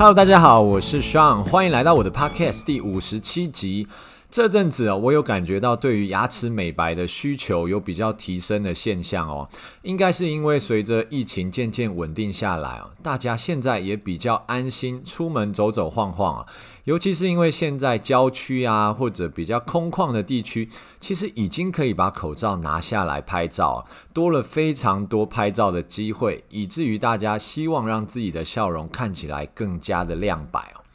Hello，大家好，我是 Sean，歡迎來到我的 Podcast 第五十七集。這陣子啊，哦，我有感覺到對於牙齒美白的需求有比較提升的現象哦。應該是因為隨着疫情漸漸穩定下來哦，大家現在也比較安心，出門走走晃晃啊。尤其是因為現在郊區啊或者比較空曠的地區，其實已經可以把口罩拿下來拍照，啊，多了非常多拍照的機會，以至於大家希望讓自己的笑容看起來更加的亮白哦。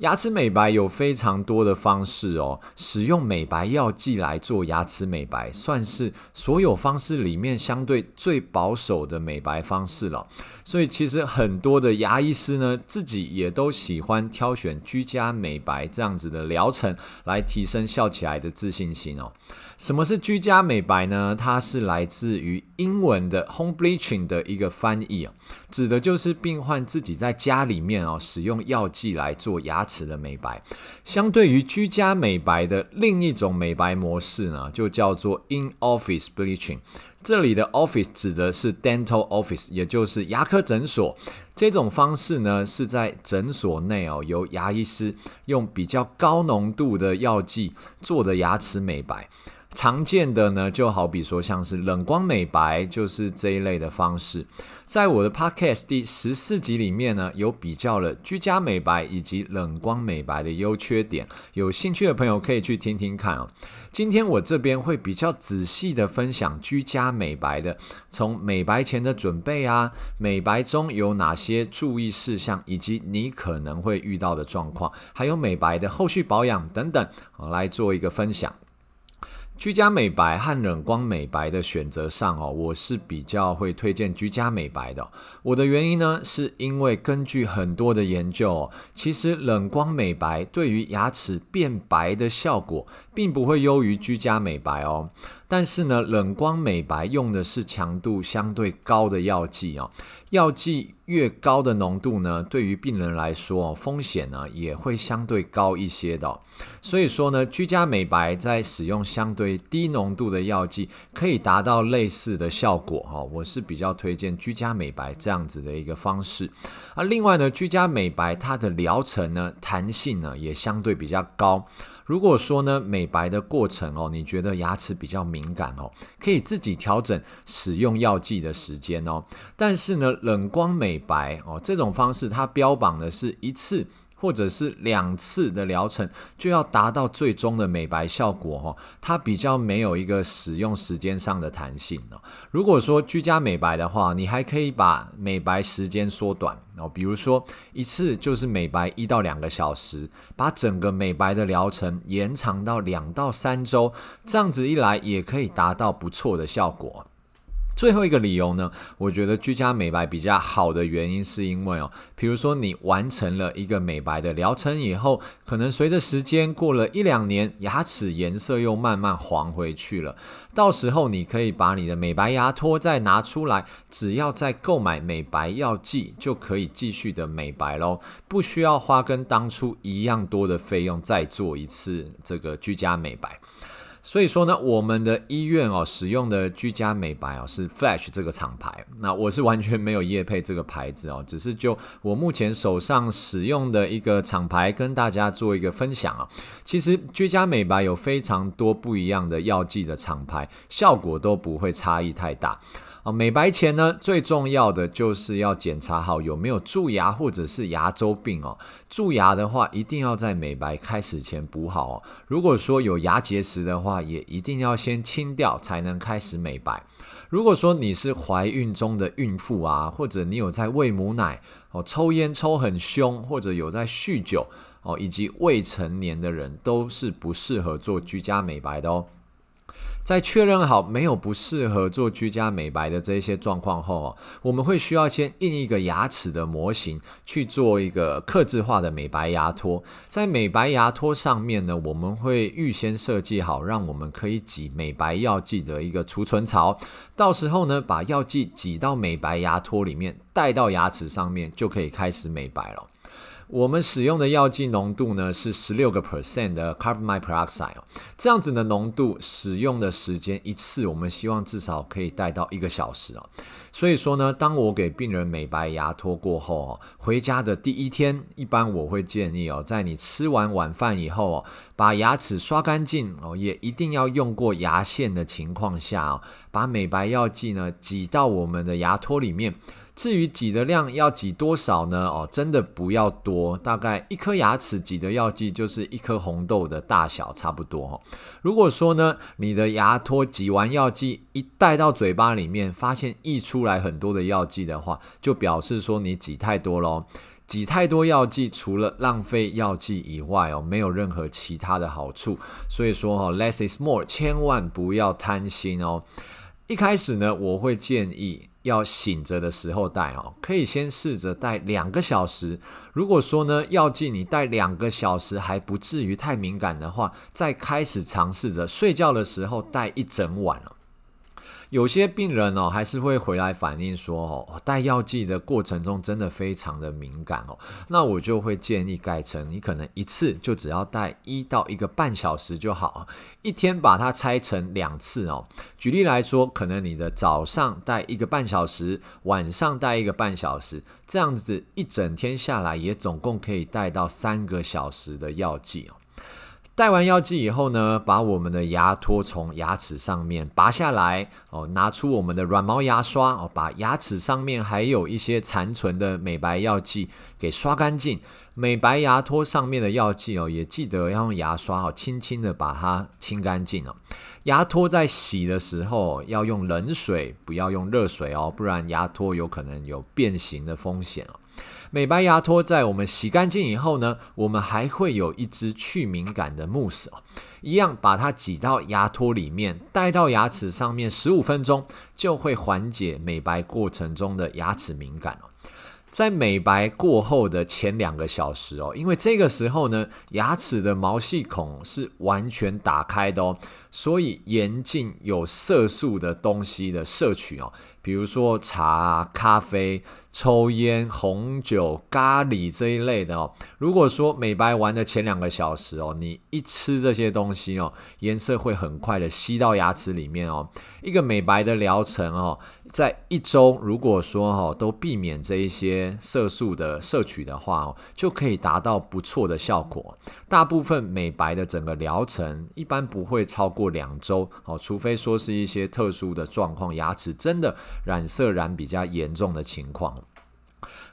牙齒美白有非常多的方式哦，使用美白藥劑來做牙齒美白，算是所有方式裡面相對最保守的美白方式了。所以其實很多的牙醫師呢，自己也都喜歡挑選居家美白這樣子的療程，來提升笑起來的自信心哦。什麼是居家美白呢？它是來自於英文的 “home bleaching” 的一個翻譯哦，指的就是病患自己在家裡面哦，使用藥劑來做牙。齒的美白，相對於居家美白的另一種美白模式呢，就叫做 in office bleaching。這裡的 office 指的是 dental office，也就是牙科診所。這種方式呢，是在診所內哦，由牙醫師用比較高濃度的藥劑做的牙齒美白。常見的呢，就好比說像是冷光美白，就是這一類的方式。在我的 Podcast 第十四集裡面呢，有比較了居家美白以及冷光美白的優缺點。有興趣的朋友可以去聽聽看啊、哦。今天我這邊會比較仔細地分享居家美白的，從美白前的準備啊，美白中有哪些注意事項，以及你可能會遇到的狀況，還有美白的後續保養等等，好，來做一個分享。居家美白和冷光美白的選擇上哦，我是比較會推薦居家美白的。我的原因呢，是因為根據很多的研究，其實冷光美白對於牙齒變白的效果，並不會優於居家美白哦。但是呢，冷光美白用的是強度相對高的藥劑哦，藥劑越高的濃度呢，對於病人來說哦，風險呢也會相對高一些的哦。所以說呢，居家美白在使用相對低濃度的藥劑，可以達到類似的效果哦，我是比較推薦居家美白這樣子的一個方式。啊，另外呢，居家美白它的療程呢，彈性呢，也相對比較高。如果說呢，美白的過程哦，你覺得牙齒比較美。敏感哦，可以自己調整使用藥劑的時間哦。但是呢，冷光美白哦，這種方式它標榜的是一次，或者是兩次的療程就要達到最終的美白效果哦，它比較沒有一個使用時間上的彈性哦，如果說居家美白的話，你還可以把美白時間縮短哦，比如說一次就是美白一到兩個小時，把整個美白的療程延長到兩到三周，這樣子一來也可以達到不錯的效果。最後一個理由呢，我覺得居家美白比較好的原因，是因為哦，比如說你完成了一個美白的療程以後，可能隨着時間過了一兩年，牙齒顏色又慢慢黃回去了。到時候你可以把你的美白牙托再拿出來，只要再購買美白藥劑，就可以繼續的美白咯，不需要花跟當初一樣多的費用再做一次這個居家美白。所以說呢，我們的醫院哦，使用的居家美白哦是 Flash 這個廠牌。那我是完全沒有業配這個牌子哦，只是就我目前手上使用的一個廠牌跟大家做一個分享啊。其實居家美白有非常多不一樣的藥劑的廠牌，效果都不會差異太大。美白前呢，最重要的就是要檢查好有沒有蛀牙或者是牙周病哦。蛀牙的話，一定要在美白開始前補好哦。如果說有牙結石的話，也一定要先清掉才能開始美白。如果說你是懷孕中的孕婦啊，或者你有在餵母奶哦，抽煙抽很兇，或者有在酗酒哦，以及未成年的人，都是不適合做居家美白的哦。在確認好沒有不適合做居家美白的這些狀況後哦，我們會需要先印一個牙齒的模型，去做一個客製化的美白牙托。在美白牙托上面呢，我們會預先設計好，讓我們可以擠美白藥劑的一個儲存槽。到時候呢，把藥劑擠到美白牙托裡面，戴到牙齒上面，就可以開始美白了。我們使用的藥劑濃度呢是十六個 percent 的 carbamide peroxide，這樣子的濃度使用的時間一次，我們希望至少可以戴到一個小時。所以說呢，當我給病人美白牙托過後哦，回家的第一天，一般我會建議哦，在你吃完晚飯以後哦，把牙齒刷乾淨哦，也一定要用過牙線的情況下哦，把美白藥劑呢擠到我們的牙托裡面。至於擠的量要擠多少呢？哦，真的不要多，大概一顆牙齒擠的藥劑就是一顆紅豆的大小差不多。哦，如果說呢，你的牙托擠完藥劑一帶到嘴巴裡面，發現溢出來很多的藥劑的話，就表示說你擠太多咯。擠太多藥劑，除了浪費藥劑以外，哦，沒有任何其他的好處。所以說，哦，哈，less is more，千萬不要貪心哦。一開始呢，我會建議。要醒着的時候戴哦，可以先試着戴兩個小時。如果說呢，藥劑你戴兩個小時還不至於太敏感的話，再開始嘗試着睡覺的時候戴一整晚。有些病人哦，還是會回來反映說哦，戴藥劑的過程中真的非常的敏感哦，那我就會建議改成，你可能一次就只要戴一到一個半小時就好，一天把它拆成兩次哦。舉例來說，可能你的早上戴一個半小時，晚上戴一個半小時，這樣子一整天下來也總共可以戴到三個小時的藥劑哦。戴完藥劑以後呢，把我們的牙托從牙齒上面拔下來哦，拿出我們的軟毛牙刷哦，把牙齒上面還有一些殘存的美白藥劑給刷乾淨。美白牙托上面的藥劑哦，也記得要用牙刷哦，輕輕地把它清乾淨哦。牙托在洗的時候要用冷水，不要用熱水哦，不然牙托有可能有變形的風險哦。美白牙托在我們洗乾淨以後呢，我們還會有一支去敏感的慕斯哦，一樣把它擠到牙托裡面，帶到牙齒上面十五分鐘，就會緩解美白過程中的牙齒敏感。在美白過後的前兩個小時哦，因為這個時候呢，牙齒的毛細孔是完全打開的哦。所以嚴禁有色素的東西的攝取哦，比如說茶啊、咖啡、抽煙、紅酒、咖喱這一類的哦。如果說美白完的前兩個小時哦，你一吃這些東西哦，顏色會很快的吸到牙齒裡面哦。一個美白的療程哦，在一周如果說哦，都避免這一些色素的攝取的話哦，就可以達到不錯的效果。大部分美白的整個療程一般不會超過。兩週，好，除非說是一些特殊的狀況，牙齒真的染色染比較嚴重的情況。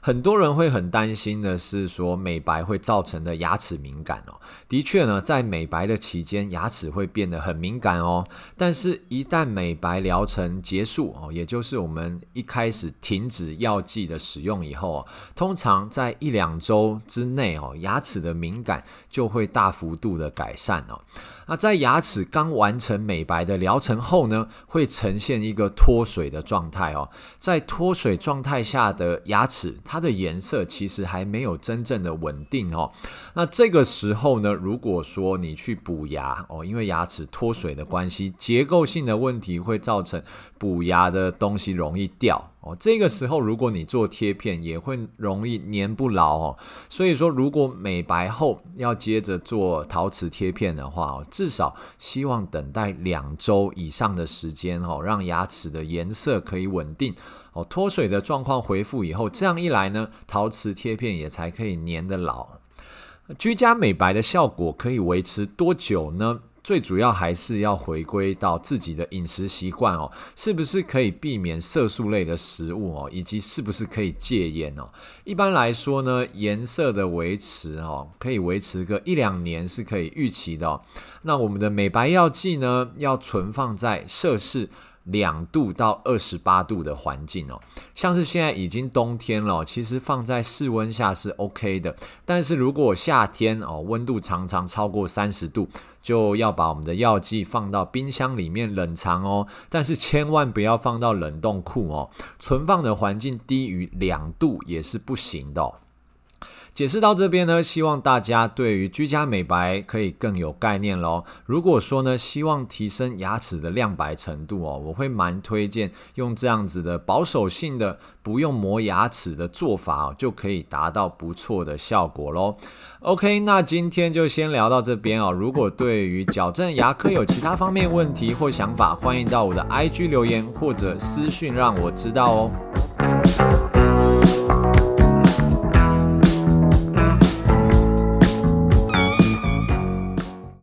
很多人會很擔心的是，說美白會造成的牙齒敏感哦。的確呢，在美白的期間，牙齒會變得很敏感哦。但是，一旦美白療程結束哦，也就是我們一開始停止藥劑的使用以後啊，哦，通常在一兩周之內哦，牙齒的敏感就會大幅度的改善哦。那在牙齒剛完成美白的療程後呢，會呈現一個脫水的狀態哦。在脫水狀態下的牙齒。它的顏色其實還沒有真正的穩定哦。那這個時候呢，如果說你去補牙哦，因為牙齒脫水的關係，結構性的問題會造成補牙的東西容易掉。哦，這個時候如果你做貼片也會容易粘不牢哦，所以說如果美白後要接着做陶瓷貼片的話哦，至少希望等待兩周以上的時間哦，讓牙齒的顏色可以穩定哦，脫水的狀況恢復以後，這樣一來呢，陶瓷貼片也才可以粘得牢。居家美白的效果可以維持多久呢？最主要還是要回歸到自己的飲食習慣哦，是不是可以避免色素類的食物哦，以及是不是可以戒煙哦。一般來說呢，顏色的維持哦，可以維持個一兩年是可以預期的哦。那我們的美白藥劑呢，要存放在攝氏。兩度到二十八度的環境哦，像是現在已經冬天了，其實放在室溫下是 OK 的。但是如果夏天哦，溫度常常超過三十度，就要把我們的藥劑放到冰箱裡面冷藏哦。但是千萬不要放到冷凍庫哦，存放的環境低於兩度也是不行的哦。解釋到這邊呢，希望大家對於居家美白可以更有概念咯。如果說呢，希望提升牙齒的亮白程度哦，我會蠻推薦用這樣子的保守性的，不用磨牙齒的做法哦，就可以達到不錯的效果咯。OK，那今天就先聊到這邊哦。如果對於矯正牙科有其他方面問題或想法，歡迎到我的 IG 留言或者私訊讓我知道哦。